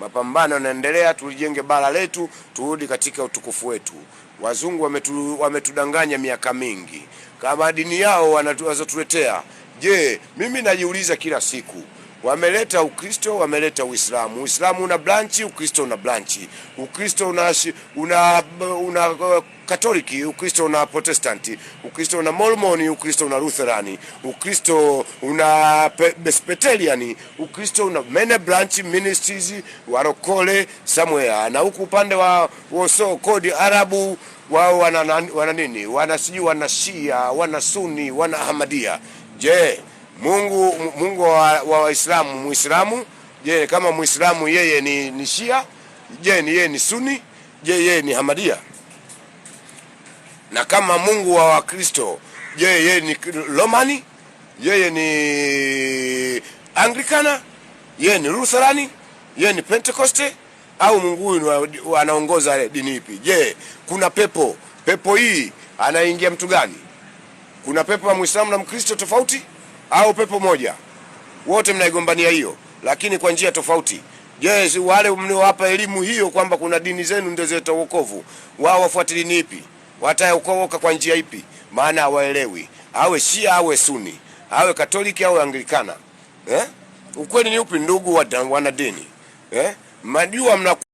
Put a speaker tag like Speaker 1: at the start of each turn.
Speaker 1: Mapambano yanaendelea, tulijenge bara letu, turudi katika utukufu wetu. Wazungu wametu, wametudanganya miaka mingi kama dini yao wanazotuletea. Je, mimi najiuliza kila siku Wameleta Ukristo, wameleta Uislamu. Uislamu una branchi, Ukristo una branchi. Ukristo una, una, una uh, Katoliki, Ukristo una Protestanti, Ukristo una Mormoni, Ukristo una Lutherani, Ukristo una Presbyteriani, Ukristo una many branch ministries warokole somewhere. Na huku upande wa woso kodi Arabu wao wana, wana nini? Wana sijui wana Shia, wana Suni, wana Ahmadia. Je, Mungu, Mungu wa Waislamu wa Muislamu, je, kama Muislamu yeye ni, ni Shia? Je, ni yeye ni Suni? Je, yeye ni Hamadia? Na kama Mungu wa Wakristo, je, yeye ni Romani? Yeye ni Anglikana? Yeye ni Lutherani? Yeye ni Pentekoste? Au Mungu huyu anaongoza dini ipi? Je, kuna pepo? Pepo hii anaingia mtu gani? Kuna pepo ya Muislamu na Mkristo tofauti? au pepo moja, wote mnaigombania hiyo, lakini kwa njia tofauti. Je, wale mliowapa elimu hiyo kwamba kuna dini zenu ndio zileta wokovu, wao wafuate dini ipi? Wataokoka kwa njia ipi? Maana hawaelewi, awe Shia awe Suni, awe Katoliki awe Anglikana eh? Ukweli ni upi ndugu wana dini eh? Majua mna